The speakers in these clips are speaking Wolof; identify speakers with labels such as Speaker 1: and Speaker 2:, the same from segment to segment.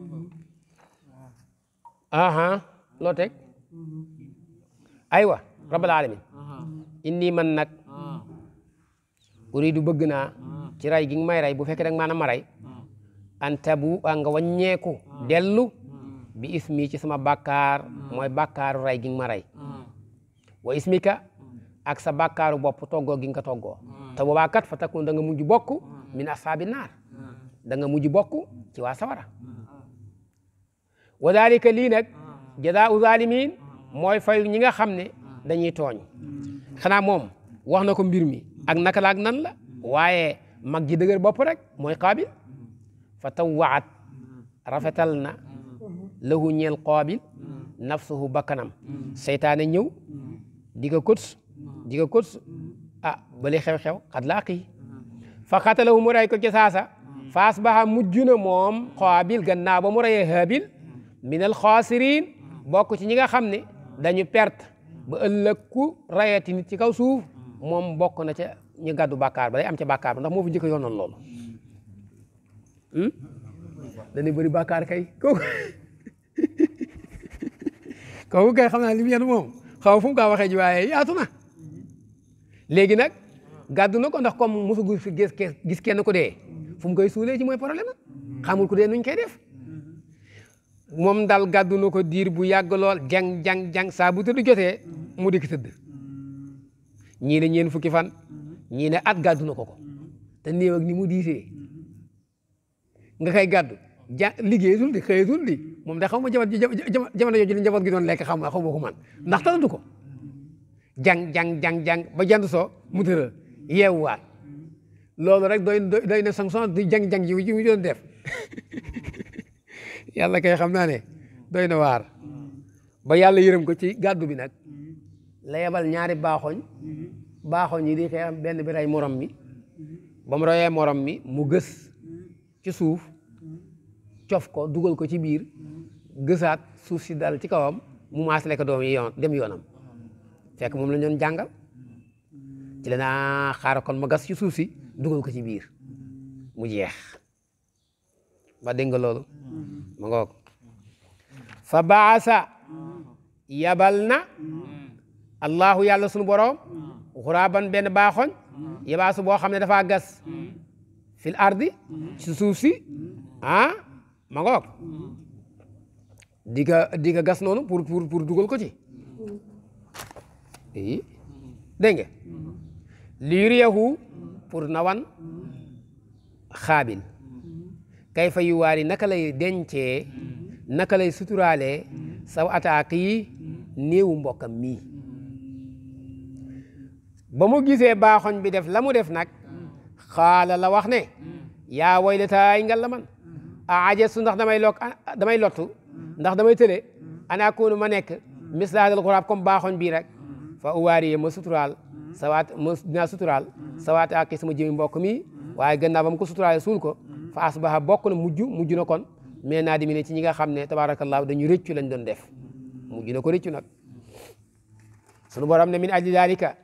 Speaker 1: aha uh-huh. uh-huh. loo teg aywa rabal alamin uh-huh. inni man nag uridu bëgg na ci ray gi nga may ray bu fekkee dag maanaam ma ray an bu a nga waññeeku dellu bi ismi ci sama bàkkaar mooy bàkkaaru ray gi nga ma ray wa ismika ak sa bàkkaaru bopp toggoo gi nga ko toggoo te boobaa fa takun da nga mujj bokk min asaabi naar da nga mujj bokk ci waa sawara wa dalika lii nag ah. jazaau zalimin ah. mooy fayu ñi nga xam ne ah. dañuy tooñ hmm. xanaa moom wax na ko mbir mi ak naka la ak nan la hmm. waaye mag ji dëgër bopp rek mooy qaabil hmm. fa tawwaat rafetal na lahu ñeel qaabil nafsuhu bakkanam seytaane ñëw di ko kuts di ko kuts ah bali xew-xew xat laaqi fa xatalahu mu rey ko ci saasa fa ba mujj na moom qaabil gannaaw ba mu reyee haabil minal xaasiriin bokk ci ñi nga xam ne dañu perte ba ëllëg ku rayati nit ci kaw suuf moom bokk na ca ñu gàddu bàkkaar ba day am ca bàkkaar ba ndax moo fi njëkk a yoonoon loolu hmm? dañuy bëri bàkkaar kay kooku kooku kay xam naa li mu yenu moom xaw fu mu kaa waxee ji waaye yaatu na léegi nag gàddu na ko ndax comme mosu gu fi gis gis kenn ku dee fu mu koy suulee ci mooy problème xamul ku dee nuñ koy def moom daal gàddu ko diir bu yàgg lool jang jang jang saa bu tëdd jotee mu di tëdd ñii ne ñeen fukki fan ñii ne at gàddu na ko ko te néew ni mu diisee nga koy gàddu ja liggéeyatul di xëyatul di moom da xaw ma jamono jamono jooju li njaboot gi doon lekk xam nga xaw ma ko man ndax talatu ko jang jang jang jang ba jant so mu tëral yeewuwaat loolu rek doy doy na sanction di jang jang ji mu doon def yàlla kay xam naa ne doy na waar ba yàlla yërëm ko ci gàddu bi nag la yebal ñaari baaxoñ baaxoñ yi di xeex benn bi rey morom mi ba mu reyee morom mi mu gës ci suuf cof ko dugal ko ci biir gësaat suuf si dal ci kawam mu maasale ko doom yi dem yoonam fekk moom la ñu doon jàngal ci la naa kon ma gas ci suuf si dugal ko ci biir mu jeex. ba dégg nga loolu mm-hmm. ma ngoog fa baasa yabal na mm-hmm. allahu yàlla sunu boroom mm-hmm. xuraaban benn baaxoñ yabaasu boo xam ne dafaa gas fil ardi ci suuf si ah ma ngoog di ka gas noonu pour pour dugal ko ci i dégg nga li yuriyahu na nawan xaabil kay fa yu waari naka lay dence naka lay suturaalee saw attaque yi néewu mbokkam mi ba mu gisee baaxoñ bi def la mu def nag xaala la wax ne yaa woylataay ngal la man a aje su ndax damay lokk damay lottu ndax damay tële ana koonu ma nekk mislaadal xuraab comme baaxoñ bii rek fa uwaari ma suturaal sawaat ma dinaa suturaal sawaat ak sama jëmi mbokk mi waaye gannaaw ba mu ko suturaale suul ko fa asbaha bokk na mujj mujj na kon mais naa dimi ne ci ñi nga xam ne tabaarakallaahu dañu rëccu lañ doon def mujj na ko rëccu nag sunu borom ne min ajli dalika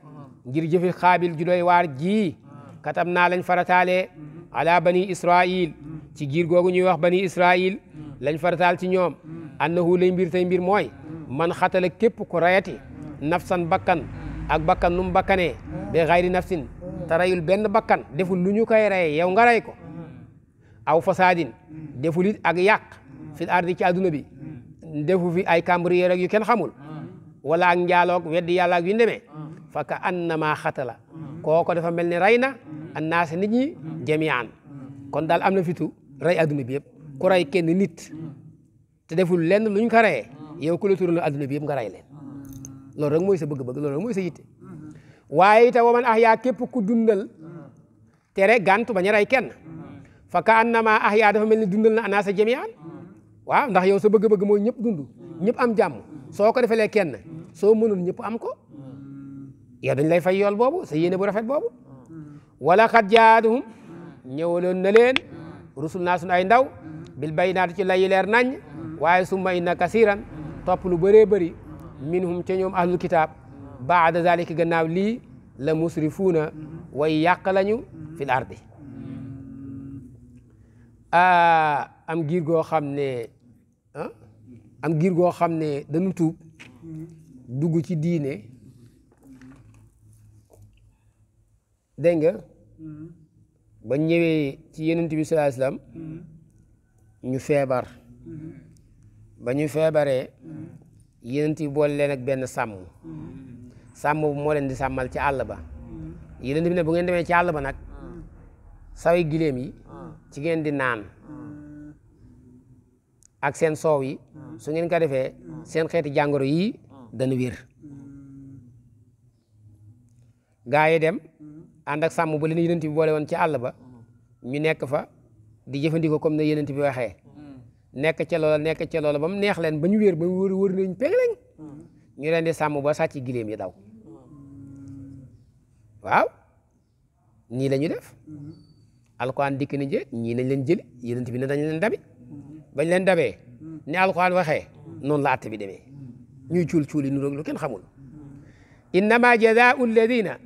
Speaker 1: ngir jëfi xaabil ju doy waar jii katam naa lañ farataale ala bani israil ci giir googu ñuy wax bani israil lañ taal ci ñoom annahu lay mbir tey mbir mooy man xatala képp ko rayati nafsan bakkan ak bakkan num bakkanee be xayri nafsin te rayul benn bakkan deful lu ñu koy raye yow nga ray ko aw fasaadin mm. deful it ak yàq mm. fil ardi ci bi mm. defu fi ay cambrière ak yu kenn xamul wala ak njaaloog weddi yàlla ak yu ñu fa ka annama xatala kooko dafa mel ni rey na annaas nit ñi jami'an kon daal am na fitu rey àdduna bi yëpp ku rey kenn nit te deful lenn luñ ko reyee yow ku la turaloo àdduna bi nga rey leen loolu rek mooy si bëgg-bëgg loolu rek mooy sa yitte waaye itam waman ah yaa képp ku dundal tere gàntu bañ a rey kenn fa ka annama ahya dafa mel ni dundal na anaasa jamian waaw ndax yow sa bëgg-bëgg mooy ñëpp dund ñëpp am jàmm soo ko defalee kenn soo mënul ñëpp am ko yow dañ lay fay yool boobu sa yéene bu rafet boobu wala xat jaaduhum ñëwaloon na leen rusul naa ndaw bil baynaati ci la leer nañ waaye summa inna kasiran topp lu bëree bëri min ca ñoom ahlul kitaab baada zalika gannaaw lii la musrifuuna way yàq lañu fil ardi Ah, am gir goo xam ne ah, am gir goo xam ne dañu tuub dugg ci diine dégg nga ba ñëwee ci yenent bi sallallahu ñu feebar ba ñu feebaree yenent bi boole leen benn sàmm sàmm bu moo leen di sàmmal ci àll ba yenent bi ne bu ngeen demee ci àll ba nag sawi giléem yi ci ngeen di naan mm. ak seen soow yi mm. su ngeen ko defee mm. seen xeeti jàngoro yii dana wér gaa yi dem ànd ak sàmm ba leen yenent bi boole woon ci àll ba ñu nekk fa di jëfandikoo comme na yenent bi waxee nekk ca loola nekk ca loola ba mu neex leen ba ñu wér ba mu nañ peg lañ leen di sàmm ba sàcc giléem yi daw waaw nii la ñu def alquran dikk ni je ñii nañ leen jëli yonent bi ne dañ leen dabi bañ leen dabee ni alquran waxee noonu la atte bi demee ñuy cuul cuul yi nu roog lu kenn xamul innama jazaau alladina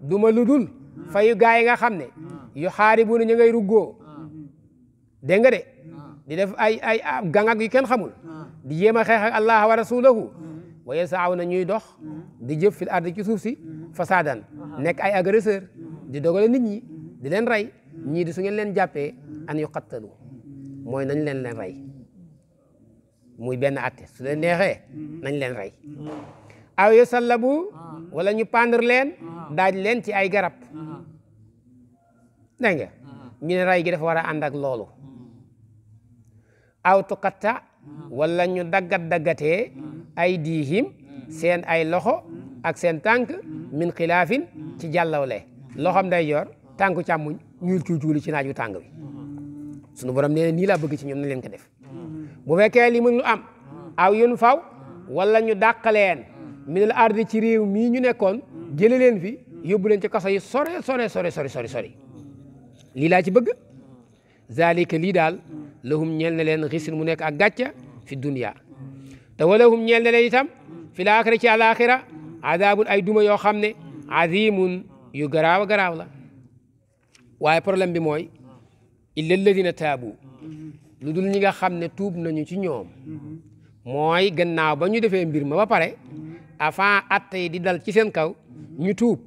Speaker 1: duma lu dul fayu gaa yi nga xam ne yu xaaribuna ñu ngay ruggoo dégg nga di def ay ay gangak yu kenn xamul di jéem a xeex ak allah wa rasulahu wa yasaaw na ñuy dox di jëf fil ardi ci suuf si fasaadan nekk ay agresseur di dogale nit ñi di leen rey ñii di su ngeen leen jàppee an yu xattalu mooy nañ leen leen rey muy benn atte su leen neexee nañ leen rey aw yu sallabu walla ñu pendre leen daaj leen ci ay garab dégg nga ñu ne rey gi dafa war a ànd ak loolu aw tukatta walla ñu daggat daggatee ay diihim seen ay loxo ak seen tànk min xilaafin ci jàllawle loxom day yor tànku càmmuñ ñuul ciw ci naaj wu sunu borom nee na bëgg ci ñoom na leen ko def bu fekkee li mën lu am aw yun faw wala ñu dàqaleen min al ardi ci réew mii ñu nekkoon jële leen fi yóbbu leen ci kaso yi sore sore sore sori sori sori laa ci bëgg zalika lii daal lahum ñeel na leen mu nekk ak gàcca fi dunya te walahum ñeel na leen itam fi laaxira ci àlaaxira adaabun ay duma yoo xam ne azimun yu garaaw a la waaye problème bi mooy illa alladina taabu mm-hmm. lu dul ñi nga xam ne tuub nañu ci ñoom mm-hmm. mooy gannaaw ba ñu defee mbir ma ba pare mm-hmm. avant atte yi di dal ci seen kaw ñu tuub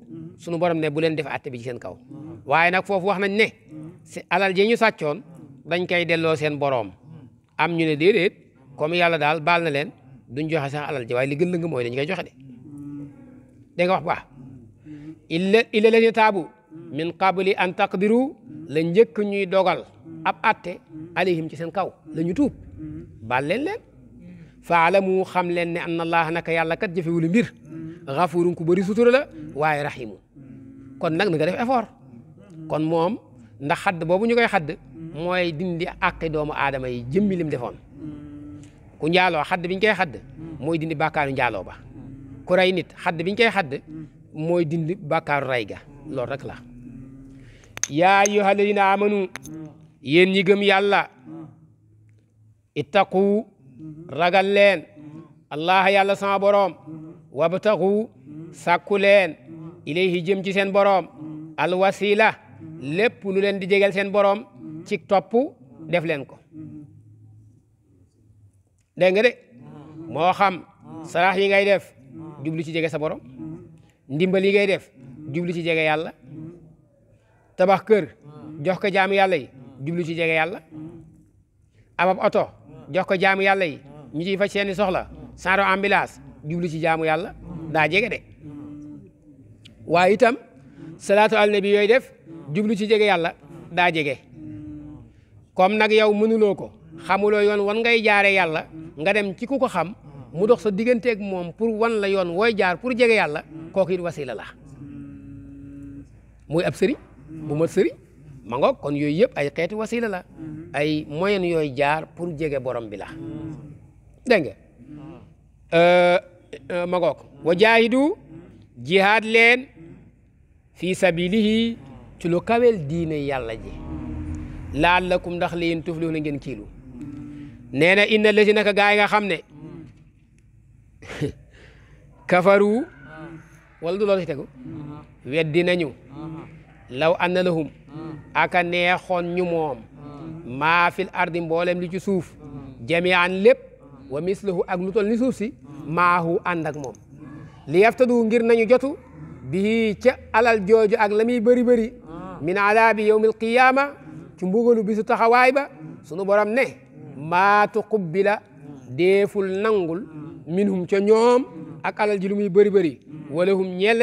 Speaker 1: sunu borom ne bu leen def atte bi ci seen kaw waaye nag foofu wax nañ ne si alal ji ñu sàccoon dañ koy delloo seen boroom am ñu ne déedéet comme yàlla daal baal na leen duñ joxe sax alal ji waaye li gën la mooy dañ koy joxe de da nga wax bu baax illa illa leen taabu min qabli an taqdiru la njëkk ñuy dogal ab atte alayhim ci seen kaw la ñu tuub baal leen leen faalamu xam leen ne anna allaha naka yàlla kat jëfewulu mbir xafurun ku bëri sutura la waaye rahimu kon nag na nga def effort kon moom ndax xadd boobu ñu koy xadd mooy dindi àqi doomu aadama yi jëmmi lim defoon ku njaaloo xadd biñ koy xadd mooy dindi bàkkaaru njaaloo ba ku nit xadd biñ koy xadd mooy dindi bàkkaaru rey ga loolu rek la yaa ayyuha alladina amanu yéen ñi gëm yàlla ittaqu ragal leen allah yàlla sama boroom wabtaxu sàkku leen ilayhi jëm ci seen boroom alwasila lépp lu leen di jegel seen boroom ci topp def leen ko dégg nga de moo xam sarax yi ngay def jublu ci jege sa boroom ndimbal yi ngay def jublu ci jege yàlla tabax kër jox ko jaamu yàlla jublu ci jege yàlla amab oto jox ko jaamu yàlla yi ñu ciy faj seeni soxla saaro ambulance jublu ci jaamu yàlla daa jege de waaye itam salaatu al nabi yooyu def jublu ci jege yàlla daa jege kom nag yow mënuloo ko xamuloo yoon wan ngay jaare yàlla nga dem ci ku ko xam mu dox sa digganteeg moom pour wan la yoon woy jaar pour jege yàlla kooku it wasila la muy ab sëri bu mat sëriñ kon yooyu yëpp ay xeeti wasila la mm-hmm. ay moyen yooyu jaar pour jege borom bi la mm-hmm. dégg nga mm-hmm. euh, euh, ma wa jaahidu jihaad leen fi sabilihi ci lu kawel diine yàlla ji laallakum ndax liin tuflihu na ngeen kiilu nee na inna lesi naka gaa yi nga xam ne kafaru wala du loolu si tegu weddi nañu law la lahum aka neexoon ñu moom maa fil ardi mboolem li ci suuf jami'an lépp wa mislahu ak lu ni suuf si maahu ànd ak moom li yaftadu ngir nañu jotu bii ca alal jooju ak la muy bëri bëri min adaabi yawmil qiyaama ci mbugalu bisu taxawaay ba sunu borom ne maa tuqubbila deeful nangul minhum ca ñoom ak alal ji lu muy bëri wala hum ñeel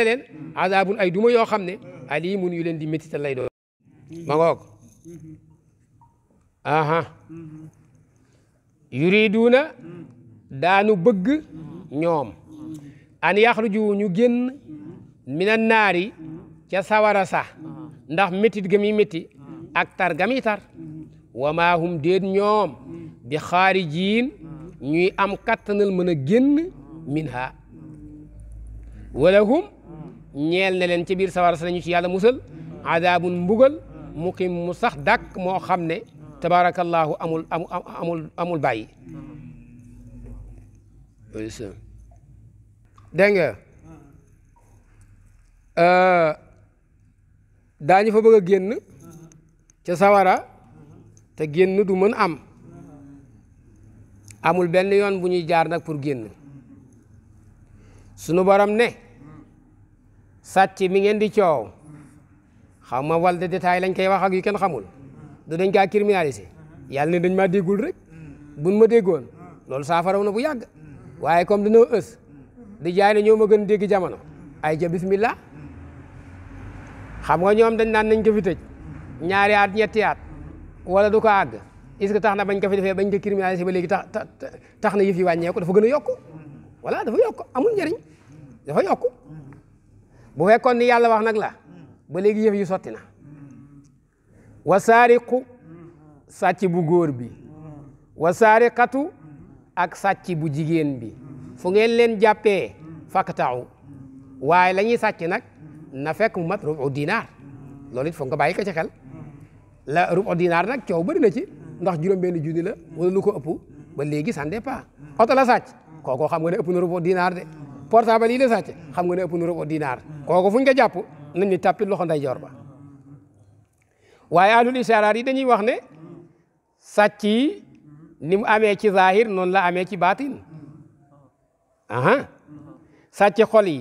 Speaker 1: azabun ay duma yoo xam ne alimun yu leen di métital lay doon ma ngoog aha daanu bëgg ñoom an yaxruju ñu génn minan naari ca sawara sa ndax métit ga muy métti ak tar wa maa hum déet ñoom bi xaarijiin ñuy am kattanal mën génn min ha wala hum ñeel na leen ci biir sawara sa nañu ci yàlla musal adaabun mbugal muqim mu sax dàkk moo xam ne tabaarakallaahu amul amul bay bàyyi nga euh, daañu fa bëgg a génn ca sawara te génn du mën am amul benn yoon bu ñuy jaar nag pour génn sunu baram ne satti mi ngeen di coow xaw ma wal de détail lañ koy wax ak yu kenn xamul du dañ kaa criminalisé yàlla ne dañ maa déggul rek buñ ma déggoon loolu saafaraw na bu yàgg waaye comme dañoo ës di jaay ne ñoo ma gën dégg jamono ay ja bismillah xam nga ñoom dañ naan nañ ko fi tëj ñaari at ñetti at wala du ko àgg est-ce que tax na bañ ko fi defee bañ ko criminalisé ba léegi tax tax na yëf yi wàññeeku dafa gën a yokku voilà dafa yokk amul njëriñ dafa yokk bu fekkoon ni yàlla wax nag la ba léegi yëf yu sotti na wasaariqu sàcc bu góor bi wasaariqatu ak sàcc bu jigéen bi fu ngeen leen jàppee faktaaw waaye la ñuy sàcc nag na fekk mu mat rubu dinaar loolu it foog nga bàyyi ko ci xel la rubu dinaar nag coow bari na ci ndax juróom-benn junni la wala lu ko ëpp ba léegi ça oto la sàcc kookoo xam nga ne ëpp na rubu dinaar de portable yi la sàcc xam nga ne ëpp na rubu dinaar kooku fu ñu jàpp nañ ni tàppit loxo nday joor ba waaye ahlul isaaraat yi dañuy wax ne sàcc yi ni mu amee ci zahir noonu la amee ci baatin aha sàcc xol yi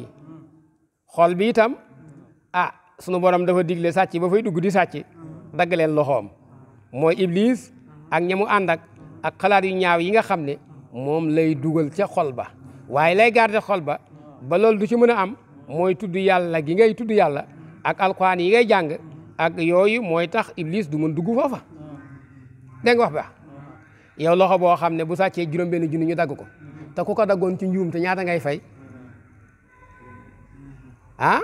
Speaker 1: xol bi itam ah sunu borom dafa digle sàcc ba fay dugg di sàcc dagg leen loxoom mooy iblis ak ñamu ànd ak ak xalaat yu ñaaw yi nga xam ne moom lay dugal ca xol ba waaye lay garder xol ba ba loolu du ci mën a am mooy tudd yàlla gi ngay tudd yàlla ak alquran yi ngay jàng ak yooyu mooy tax iblis du mën dugg foofa dégg nga ba yow loxo boo xam ne bu sàccee juróom-benn junni ñu dagg ko te ko daggoon ci njuum te ñaata ngay fay ah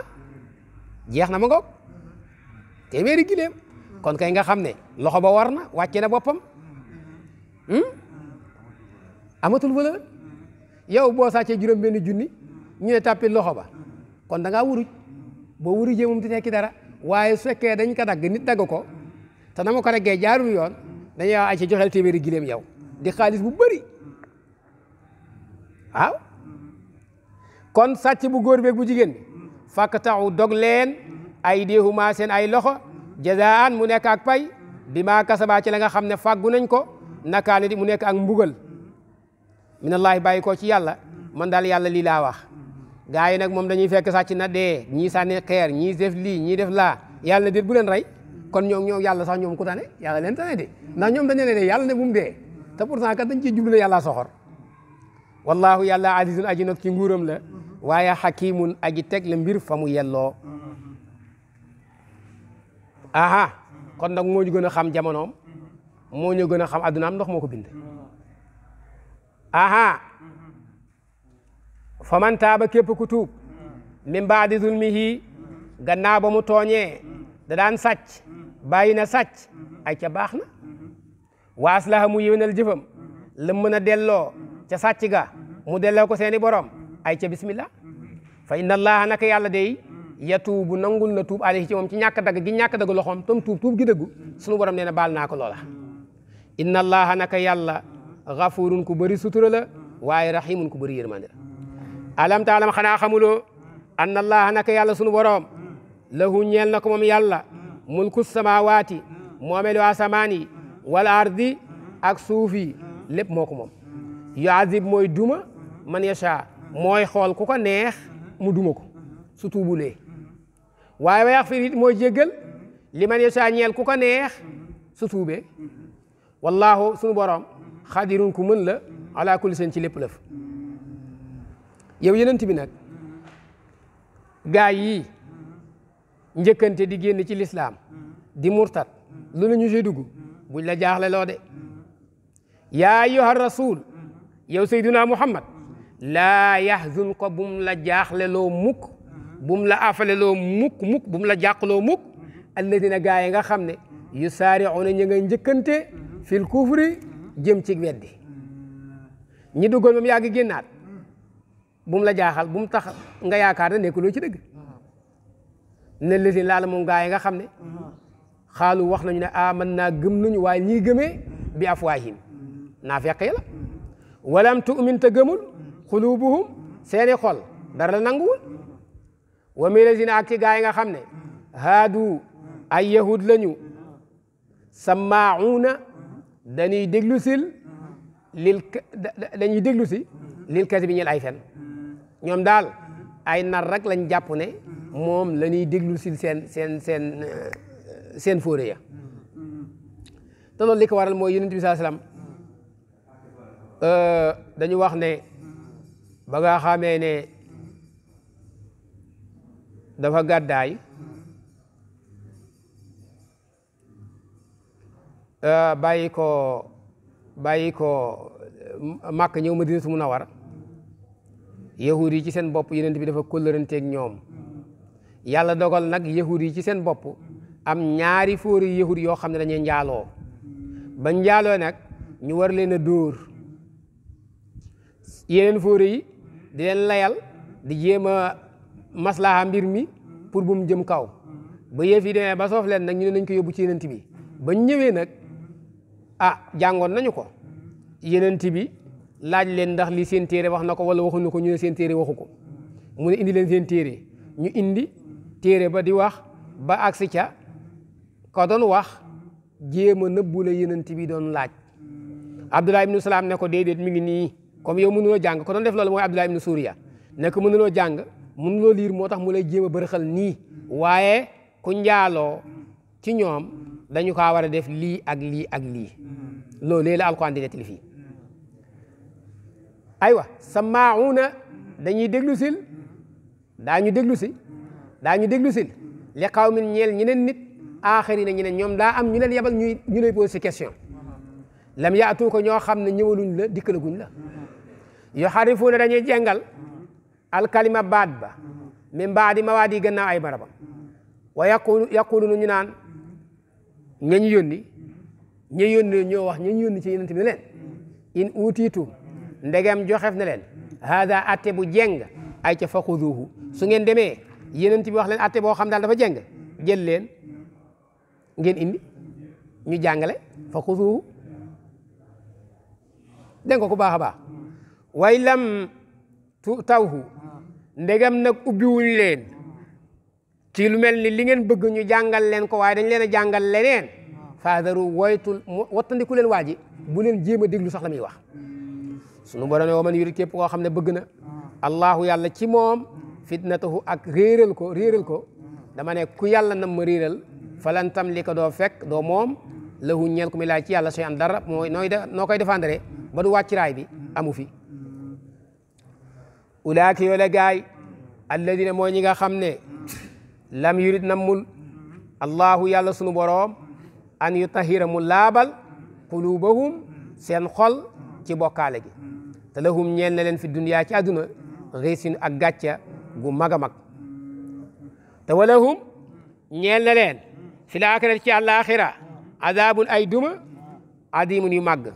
Speaker 1: jeex na ma ngoog téeméeri gileem kon kay nga xam ne loxo ba war na wàcce na boppam hmm? yow boo sàccee juróom benn junni ñu ne tàppit loxo ba kon danga ngaa wuruj boo wurujee moom di tekki dara waaye su fekkee dañ ko dagg nit dagg ko te na ma ko reggee jaarul yoon dañuy wax ay ci joxeel téeméeri gileem yow di xaalis bu bëri waaw kon sàcc bu góor beeg bu jigéen bi fàkk taxu dog leen ay déexumaa seen ay loxo jazaan mu nekk ak pay bi maa kasabaa ci la nga xam ne fàggu nañ ko nakaani di mu nekk ak mbugal minallaahi bàyyi koo ci yàlla man daal yàlla lii laa wax gaa yi nag moom dañuy fekk sàcc na dee ñii sànni xeer ñii def lii ñii def laa yàlla déet bu leen rey kon ñoom ñoom yàlla sax ñoom ku tane yàlla leen tane de ndax ñoom dañu ne yàlla ne bu mu dee te pourtant kat dañ ciy jublu ne yàlla soxor wallaahu yàlla azizun aji not ci nguuram la waaye xakimun aji teg la mbir fa mu yelloo aha kon nag moo ñu gën a xam jamonoom moo ñu gën a xam addunaam ndox moo ko bind aha fa man taaba képp ku tuub min baadi zulmihi gannaaw ba mu tooñee da daan sàcc bàyyi na sàcc ay ca baax na waas laha mu yéwénal jëfam lëm mën a delloo ca sàcc ga mu delloo ko seeni borom ay ca bismillah fa inna allaha naka yàlla day yatuubu nangul na tuub alayhi ci moom ci ñàkk dagg gi ñàkk dagg loxoom tam tuub tuub gi dëggu sunu borom nee na baal naa ko loola inna allaha naka yàlla xafurun ku bëri sutura la waaye rahimun ku bëri yërmande la alam taalam xanaa xamuloo anna allaha naka yàlla sunu boroom lahu ñeel na ko moom yàlla mulku samawaati moomelu asamaan yi wala ardi ak suuf yi lépp moo ko moom yuazib mooy duma man yacha mooy xool ku ko neex mu duma ko su waaye wa yaxfir mooy jéggal li man yacha ñeel ku ko neex su tuubee wallaahu sunu xaadirun ku la ala kulli seen ci lépp lëf yow yenent bi nag gaa yi njëkkante di génn ci lislaam di murtat lu nañu see dugg buñ la jaaxle loo de yaa ayyuha rasul yow sayduna muhammad laa yahzun ko bum la jaaxle loo mukk bum la afale loo mukk mukk bum la jàqloo muk alladina gaa yi nga xam ne yusaari'una ñu nga njëkkante fil kufri jëm ci weddi ñi duggoon ba mu yàgg génnaat bu la jaaxal bu mu nga yaakaar ne nekkuloo ci dëgg ne lësin laala moom gaa yi nga xam ne xaalu wax nañu ne ah man naa gëm nañu waaye ñii gëmee bi afwaahim naa fekk la walam tu'min te gëmul xulubuhum seeni xol dara la nanguwul wa mi lësin ak ci gaa yi nga xam ne haadu ay yahud lañu sammaa'uuna dañuy déglu sil lil dañuy déglu si lil bi ñeel ay fen ñoom daal ay nar rek lañ jàpp ne moom la ñuy déglu sil seen seen seen euh, seen fóore ya te loolu li ko waral mooy yonent bi saa salaam euh, dañu wax ne ba nga xamee ne dafa gàddaay Euh, bàyyi ko bàyyi ko euh, màkk ñëw Madinatu Munawwara yahud yi ci seen bopp yeneen bi dafa kóllëranteeg ñoom yàlla dogal nag yahud yi ci seen bopp am ñaari fóori yahud yoo xam ne dañuy njaaloo ba njaaloo nag ñu war leen a dóor yeneen fóori yi di leen layal di jéem a maslaha mbir mi pour bu mu jëm kaw ba yëf yi demee ba soof leen nag ñu ne nañ ko yóbbu ci yeneen bi ba ñëwee nag a ah, jàngoon nañu ko yenent bi laaj leen ndax li seen téere wax na ko wala waxuñu ko ñu ne seen téere waxu ko mu ne indi leen seen téere ñu indi téere ba di wax ba agsi ca ka doon wax jéem a nëbbu la yenent bi doon laaj Abdullah ibnu Salaam ne ko déedéet mi ngi nii comme yow mënuloo jàng ko doon def loolu mooy Abdullah ibnu Suuriya nekk ko mënuloo jàng mënuloo liir moo tax mu lay jéem a bërëxal nii waaye ku njaaloo ci ñoom dañu kaa war a def lii ak lii ak lii mm-hmm. loolu la alquran di nettali fii aywa samaauuna dañuy déglu sil mm-hmm. daañu déglu si mm-hmm. daañu déglu sil li qawmin ñeel ñeneen nit aaxari na ñeneen ñoom daa am ñu leen yebal ñuy ñu lay posé question lam yaatu ko ñoo xam ne ñëwaluñ la dikkalaguñ la yu xarifuuna dañuy jàngal alkalima baat ba min baadi mawaadi gannaaw ay barabam wa yaqulu yaqulunu ñu naan ngeen ñu yónni ña yónni ñoo wax ña ñu yónni ci yonent bi ne leen ndegam joxef na leen haada atte bu jeng ay ca faxuduuhu su ngeen demee yonent bi wax leen atte boo xam daal dafa jeng jël leen ngeen indi ñu jàngale faxuduuhu dégg ko ku baax a baax way lam tu tawhu ndegam nag ubbiwuñ leen ci lu mel ni li ngeen bëgg ñu jàngal leen ko waaye dañ leen a jàngal leneen ah. faadaru woytul wattandiku leen waa ji bu leen jéem a déglu sax la muy wax sunu borom wa man yurid képp koo xam ne bëgg na ah. allahu yàlla ci moom fitnatahu ak réeral ko réeral ko ah. dama ne ku yàlla nam ma réeral falantam li ko doo fekk doo moom lahu ñeel ku mi laaj ci yàlla sooy am dara mooy nooy noo koy défendre ba du wàcc raay bi amu fi mm. ulaaka yoo la gaay alladina mooy ñi nga xam ne lam yurid nammul allahu yàlla sunu boroom an yutahira mu laabal qulubahum seen xol ci bokkaale gi te lahum ñeel na leen fi duniyaa ci àdduna riisin ak gàcca gu mag a mag te walahum ñeel na leen fi laaxirat ci àllaaxira adaabun ay duma adimun yu màgg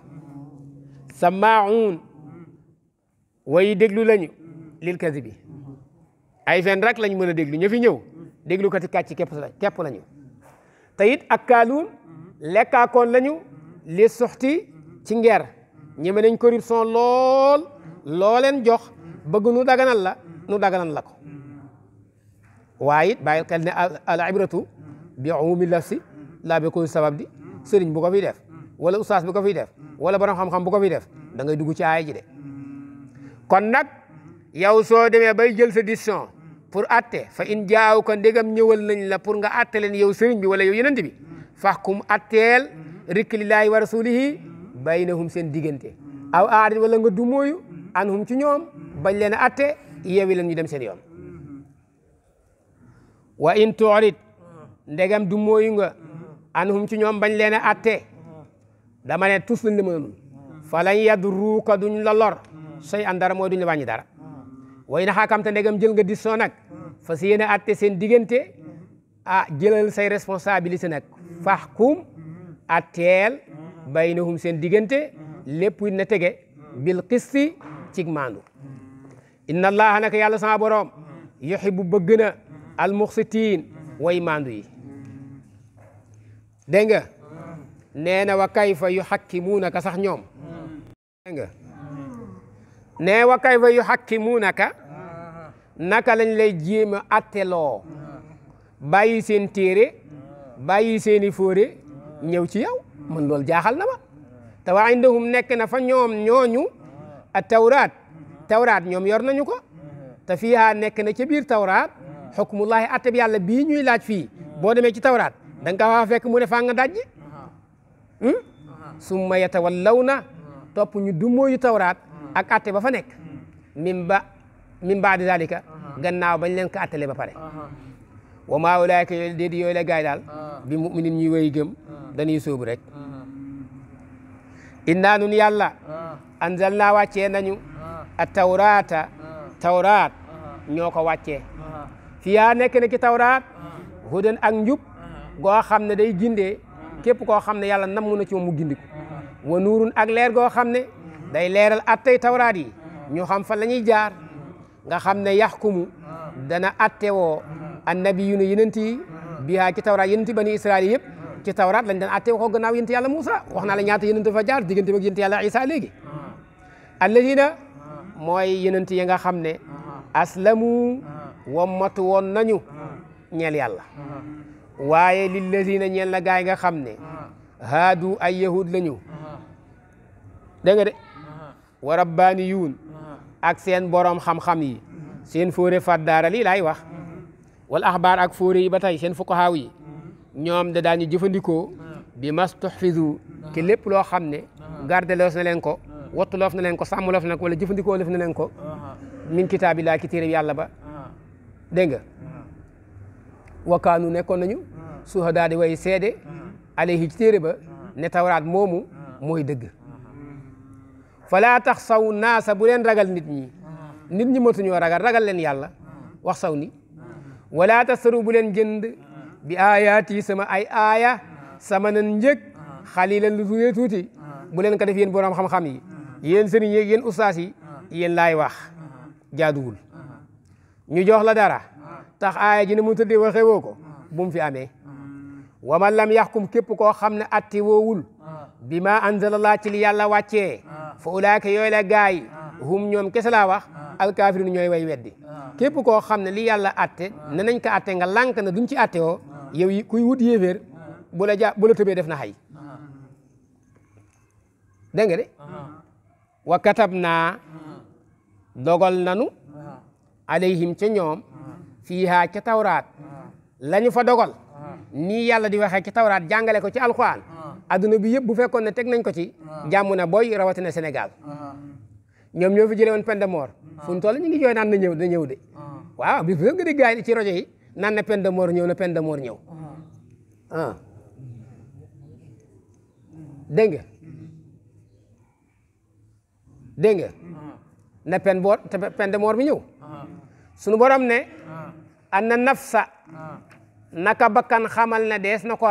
Speaker 1: samaaun wayi déglu lañu lil kazi bi ay fen rek lañ mën a déglu ña fi ñëw déglu ko ci kàcc képp la képp lañu te it ak kaaluun lekkaakoon lañu li suxti ci ngeer ñeme nañ corruption lool loo leen jox bëgg nu daganal la nu daganal la ko waaye it bàyyi xel ne al ibratu bi umumi lafsi laa bi sabab di sëriñ bu ko fi def wala ustaas bu ko fi def wala borom xam-xam bu ko fi def da ngay dugg ci aaya ji de kon nag yow soo demee bay jël sa pour atte fa in jaaw ka ndegam ñëwal nañ la pour nga atte leen yow sëriñ bi wala yow yenent bi fahkum atteel rikk lillaahi wa rasulihi baynahum seen diggante aw aadit wala nga du an hum ci ñoom bañ leen a atte yewi leen ñu dem seen yoon wa in ndegam du mooyu nga an hum ci ñoom bañ leen a atte dama ne tus lañ la mënalul fa lan yadruuka duñ la lor sooy an dara mooy duñ la wàññi dara way na xaakamte ndegam jël nga dis soo nag fa si yéene atte seen diggante ah jëlal say responsabilité nag faxkum atteel baynahum seen diggante lépp it na tege bil qisti cig maandu inna allaha naka yàlla sama boroom yuhibbu bëgg na al way maandu yi dégg nga nee na wa kayfa yu xakkimuunaka sax ñoom dégg nga nee wa kayfa yu xakkimuunaka naka lañ lay jéem a loo bàyyi seen téere bàyyi seen i fóore ñëw ci yow man lool jaaxal na ma te waa indahum nekk na fa ñoom ñooñu a tawraat tawraat ñoom yor nañu ko te fiihaa nekk na ca biir tawraat xukmullahi atteb yàlla bii ñuy laaj fii boo demee ci tawraat da nga faa fekk mu ne faa nga dajji hmm? summa yatawallaw na topp ñu du tawraat ak atte ba fa nekk min ba min baadi zalika gannaaw bañ leen ko attale ba pare wa maa ulaayka yooyu déedi yooyu la gaay daal bi muminin ñuy wéy gëm dañuy soobu rek inna nun yàlla anzal naa wàccee nañu a tawraata tawraat ñoo ko wàccee fiyaa nekk na ci tawraat hudan ak njub goo xam ne day gindee képp koo xam ne yàlla namm na ci moom mu gindiku wa nuurun ak leer goo xam ne day leeral attay tawraat ñu xam fa jaar nga xam ne yaxkumu dana attewoo annabiyuna yenent yi bi ci tawraat yenenti bani israil yëpp ci tawraat lañ daan attewoo ko gannaaw yenent yàlla Moussa wax naa la ñaata yenent fa jaar diggante ak yenent yàlla Isa léegi alladina mooy yenent yi nga xam ne aslamu wommatu woon nañu ñeel yàlla waaye lillazina ñeel na gaay nga xam ne haadu ay yahud lañu dégg nga de wa rabbaaniyuun ak seen borom xam-xam yi seen fóore faddaara lii laay wax wal axbaar ak fóore yi ba tey seen fuqahaaw yi ñoom da daañu jëfandikoo bi mas tuxfisu ci lépp loo xam ne gardeloos na leen ko wattuloof na leen ko sàmmloof na ko wala jëfandikoo loof na leen ko min kitaabillaah ci téere yàlla ba dégg nga wakaanu nekkoon nañu suhadaa di way seede alayhi ci téere ba ne tawraat moomu mooy dëgg falaa tax saw naasa bu leen ragal nit ñi ah. nit ñi matuñoo ragal ragal leen yàlla ah. wax saw ni ah. wala tasaru bu leen jënd bi aayaati sama ay aya sama nan njëg xalilan lu tuutee tuuti bu leen ko def yéen borom xam-xam yi yéen sëriñ yi yéen ustaas yi yéen laay wax jaaduwul ñu jox la dara tax aaya jin ne mu tëddee waxee woo ko bu fi amee wa man lam yaxkum képp koo xam ne atti bima anzalallah ci li yàlla wàccee ah. fa ulaaka yooyu la gaay ah. hum ñoom kese laa wax ah. alkaafirin ñooy way weddi képp koo xam ne li yàlla atte ne nañ ko atte nga lànk na duñ ci atte woo yow yi kuy wut yéeféer bu la ja def na xay dégg de wa katab naa dogal nanu alayhim ca ñoom fiihaa ca tawraat lañu fa dogal nii yàlla di waxee ci tawraat jàngale ko ci alquran adduna bi yëpp bu fekkoon ne teg nañ ko ci ah. jàmm na booy rawatina senegal ah. ñoom ñoo fi jëlee woon peine de mort ah. fu ñu toll na ñëw na ñëw de waaw bis bu nga di gaay ci rajo yi naan na peine de ñëw na peine de mort nga dégg na peine boor bi ñëw sunu borom ne an na nafsa bakkan xamal ne dees na ko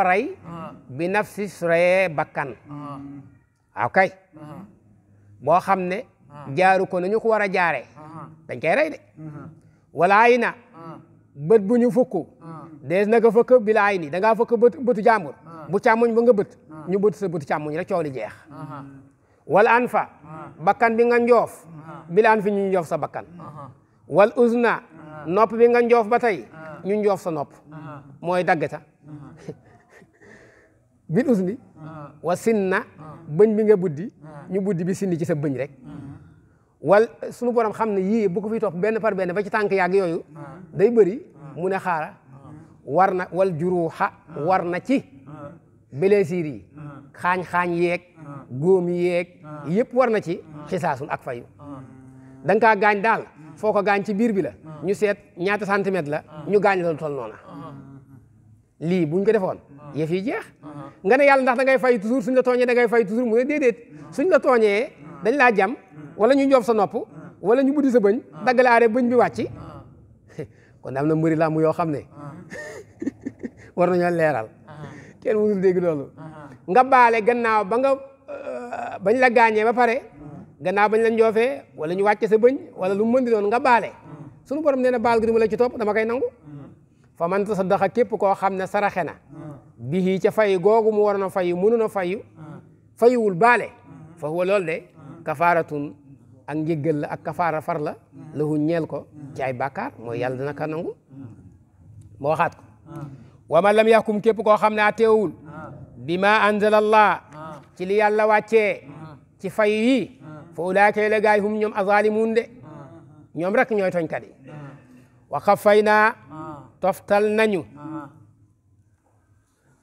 Speaker 1: bi nafsi suree bakkan waaw ah. ah. boo xam ne ah. jaaru ko nañu ko war a jaaree dañ koy rey de walaayi na bët bu ñu fukk dees na ko fëkk bilaayi ni da ngaa fëkk bët bëtu jàmbur bu càmmoñ ba nga bët ñu bët sa bëtu càmmoñ rek coow li jeex wal an bakkan bi nga njoof bilaan fi ñu njoof sa bakkan wal uzna nopp bi nga njoof ba tey ñu njoof sa nopp mooy daggata bil usni ah. wa sinna ah. bëñ bi nga buddi ah. ñu buddi bi sinni ci sa bëñ rek wal suñu borom xam ne yii bu ko fi topp benn par benn ba ci tànk yàgg yooyu day bëri mu ne xaara war na wal juruuxa war na ci blessures yi xaañ-xaañ yeeg góom yeeg yëpp war na ci xisaasul ak fay da nga kaa gaañ daal foo ko gaañ ci biir bi la ñu seet ñaata centimètre la ñu gaañ la lu tol noona lii buñ ko defoon ah. yëf yi jeex ah. nga ne yàlla ndax da ngay fay toujours suñ la tooñee da ngay fay toujours mu ne déedéet ah. la tooñee dañ laa jam wala ñu njoof sa nopp wala ñu buddi sa bëñ dagg la bëñ bi wàcc kon am na mbëri làmb yoo xam ne war nañoo leeral kenn mësul dégg loolu nga baale gannaaw ba nga euh, bañ la gaañee ba pare gannaaw bañ la njoofee wala ñu wàcce sa bëñ wala lu mu mën di doon nga baale sunu mu nee na baal gi du la ci topp dama koy nangu fa man tasaddaqa képp koo xam ne saraxe na bihi ca fay googu mu waroon a fayu mënun a fayu fayuwul baale fa huwa loolu de kafaaratun ak njëggal la ak kafaara far la lahu ñeel ko ci ay bàkkaar mooy yàlla dana ko nangu ma waxaat ko wa man lam yahkum képp koo xam ne ateewul bi ma allah ci li yàlla wàccee ci fay yi fa ulaaka la gaay hum ñoom azalimun de ñoom rek ñooy tooñkat yi wa xafay naa toftal nañu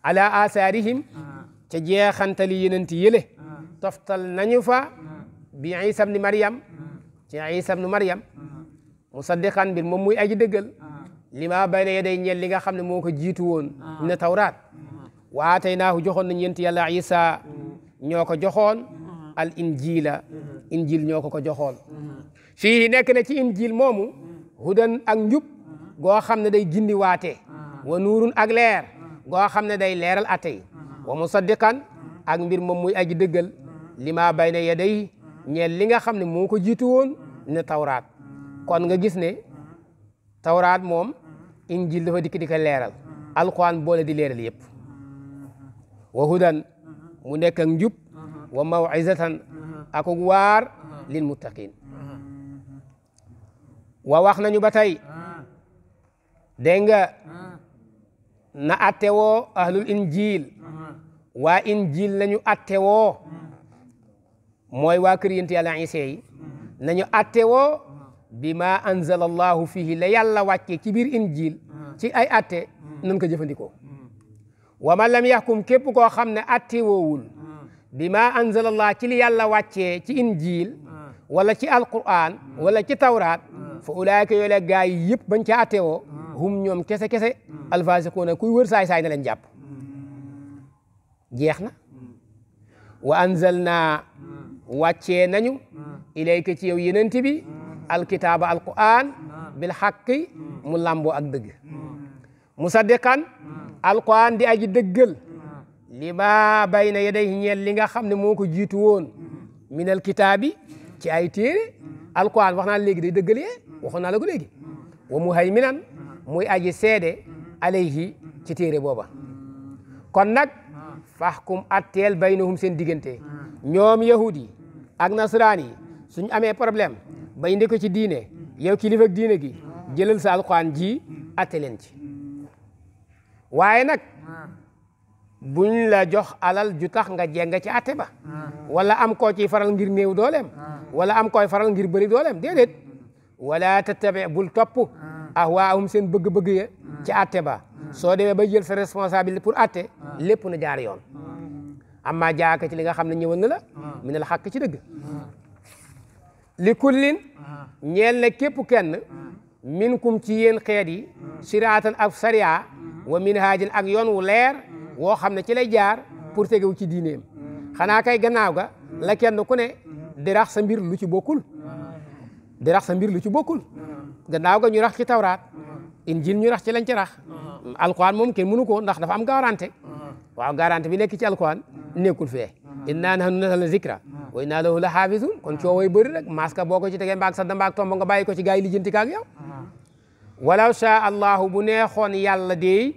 Speaker 1: ala asaarihim ca jeexantali yenenti yële toftal nañu fa bi isa bni mariam ci isa bnu mariam musaddiqan bir moom muy aji dëggal lima bayna yaday ñeel li nga xam ne moo ko jiitu woon na tawraat waataynaahu joxoon nañ yent yàlla isa ñoo ko joxoon al injila injil ñoo ko ko joxoon fii nekk na injil moomu hudan ak njub goo xam ne day gindi waate ah. wa nuurun ak leer ah. goo xam ne day leeral atey ah. wa musaddiqan ak mbir moom muy aji dëggal li maa bay na yedey ñeel li nga xam ne moo ko jiitu woon ne tawraat kon nga gis ne tawraat moom injil dafa dikk di ko leeral alquran boole di leeral yëpp wa hudan mu nekk ak njub wa mawizatan akuk waar lil muttaqin wa wax nañu ba tey dégg nga ah. na attewoo ahlul injil ah. waa injil nañu attewoo ah. mooy waa kër yént yàlla Isa yi nañu attewoo bi ma anzala allahu la yàlla wàcce ci biir injil ci ay atte nan ko jëfandikoo wa man lam yaxkum képp koo xam ne attewoowul bi ma anzala allah ci li yàlla wàccee ci injil wala ci alquran wala ci tawraat fa ulaayka yoolee gaa yi yëpp bañ ca hum ñoom kese kese alfaasikuuna kuy wër saay saay na leen jàpp jeex na wa anzalna wàccee nañu ilayka ci yow yenent bi alkitaaba alquran bil mu làmboo ak dëgg musaddiqan alquran di aji dëggal li ma bayna yadayhi ñeel li nga xam ne moo ko jiitu woon min alkitaabi ci ay téere alquran wax naa léegi day dëggël waxoon naa la ko léegi wa muhayminan muy aji seede alayhi ci téere booba kon nag faxkum atteel baynahum seen diggante ñoom yahudi yi ak nasraan yi suñ amee problème bay ndi ko ci diine yow kilifa ak diine gi jëlal sa alxuraan ji atte ci waaye nag buñ la jox alal ju tax nga jeng ci atte ba wala am koo ciy faral ngir néew dooleem wala am koy faral ngir bëri dooleem déedéet wala tattabi bul topp ahwaahum seen bëgg-bëgg ya ci atte ba soo demee ba jël sa responsabilité pour atte lépp na jaar yoon amma jaaka ci li nga xam ne ñëwal na la minal xàq ci dëgg li kullin ñeel na képp kenn min minkum ci yéen xeet yi siraatan ak sariya wa minhaajin ak yoon wu leer woo xam ne ci lay jaar pour tegewu ci diineem xanaa kay gannaaw ga la kenn ku ne dirax sa mbir lu ci bokkul di rax mbir lu ci bokkul mm-hmm. gannaaw ga ñu rax ci tawraat mm-hmm. injil ñu rax ci lañ ci rax mm-hmm. alquran moom kenn mënu ko ndax dafa am garantie waaw garantie bi nekk ci alquran nekkul fee inna nahnu na zikra wa inna lahu la xaafizun kon coow way bëri rek masque boo ko ci tegee mbaag sa da mbaag tomb nga bàyyi ko ci gaa yi lijjanti kaag yow walaw shaa allahu bu neexoon yàlla de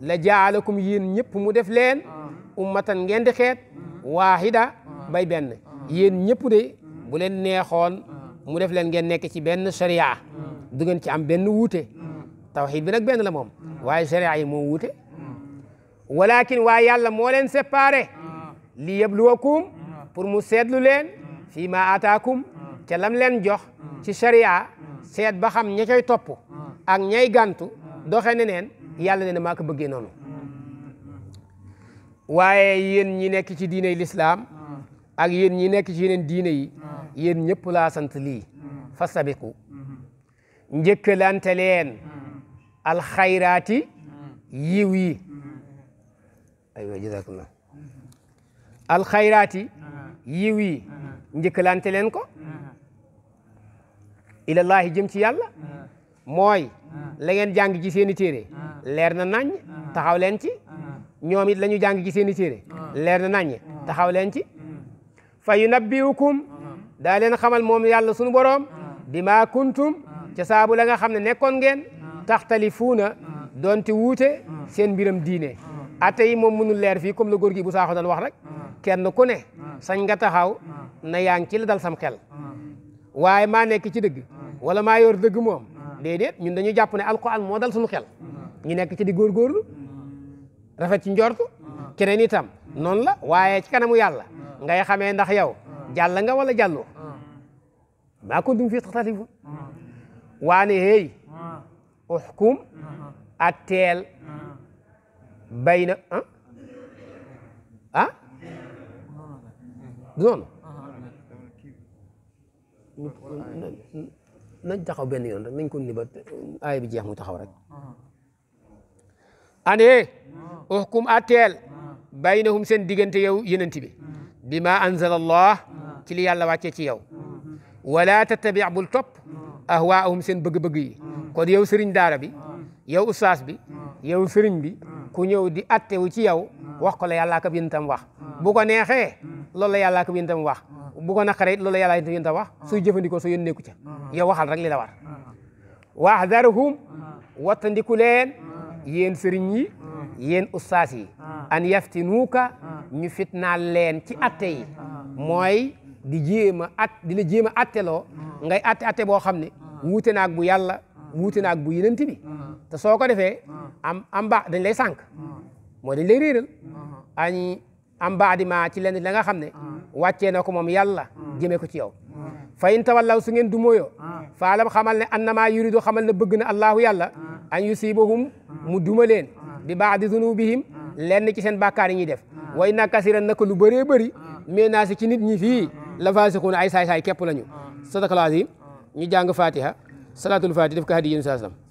Speaker 1: la jaalakum yéen ñëpp mu def leen ummatan ngeen di xeet waahida bay benn yéen ñëpp de bu leen mu def leen ngeen nekk ci benn sharia du ngeen ci am benn wuute tawxid bi nag benn la moom waaye sharia yi moo wuute walakin waaye yàlla moo leen séparé li yabluwakum pour mu seetlu leen fii ma ataakum ca lam leen jox ci sharia seet ba xam ña koy topp ak ñay gàntu doxe ne neen yàlla ne na maa ko bëggee noonu waaye yéen ñi nekk ci diine l'islam ak yéen ñi nekk ci yeneen diine yi yéen ñëpp laa sant lii mm-hmm. fa sabiqu mm-hmm. njëkkalante leen mm-hmm. alxayraati yiw yi aywa jazakumullah alxayraati yiw yi njëkkalante leen ko ilallaahi jëm ci yàlla mooy la ngeen ji seeni téere leer na nañ taxaw leen ci ñoom it la ñu jàng ci seeni téere leer na nañ taxaw leen ci fa yunabbiukum daa leen xamal moom yàlla sunu boroom bi maa kuntum ca saabu la nga xam ne nekkoon ngeen taxtalifuuna doonte wuute seen mbiram diine atte yi moom mënul leer fii comme la góor gi bu saaxo doon wax rek kenn ku ne sañ nga taxaw na yaa ngi ci dal sam xel waaye maa nekk ci dëgg wala maa yor dëgg moom déedéet ñun dañu jàpp ne alquran moo dal suñu xel ñu nekk ci di góorgóorlu rafet ci njortu keneen itam noonu la waaye ci kanamu yàlla ngay xamee ndax yow jàll nga wala jàlloo kuntum fii taxtalifun waane hey uxkum atteel bayna ah ah noonu nañ taxaw benn yoon rek nañ ko ni ba aay bi jeex mu taxaw rek ane uxkum atteel baynahum seen diggante yow yenent bi bi ma anzala allah ci li yàlla wàccee ci yow wala tattabi bul topp ahwaahum seen bëgg-bëgg yi kon yow sëriñ daara bi yow ustaas bi yow sëriñ bi ku ñëw di attewu ci yow wax ko la yàllaa ko yonentam wax bu ko neexee loolu la yàllaa ko yonentam wax bu ko naqaree loolu la yàllaa ko yonentam wax suy jëfandikoo soo yónneeku ca yow waxal rek li la war wahdarhum wattandiku leen yéen sëriñ yi yéen ustaas yi an yaftinuuka ñu fitnaal leen ci atte yi mooy di jéem a at di jéem a atteloo ngay atte atte boo xam ne wuute naag bu yàlla wuute naag bu yenent bi te soo ko defee am am ba dañ lay sànq mooy dañ lay réeral añ am baadi ma ci lenn la nga xam ne wàccee na ko moom yàlla jëmee ko ci yow fa in tawallaw su ngeen du mooyoo faalam xamal ne annama yuridu xamal ne bëgg na allahu yàlla an yusibahum mu duma leen di bi baadi zunubihim lenn ci seen bàkkaar yi ñuy def way na kasiran naka lu bëree bëri ah. mais naa si ci nit ñi fii ah. ah. la faasixuun ay saay saay képp lañu sadaqal aziim ñu jàng fatiha salaatul fatiha def ko hadiya yéen saa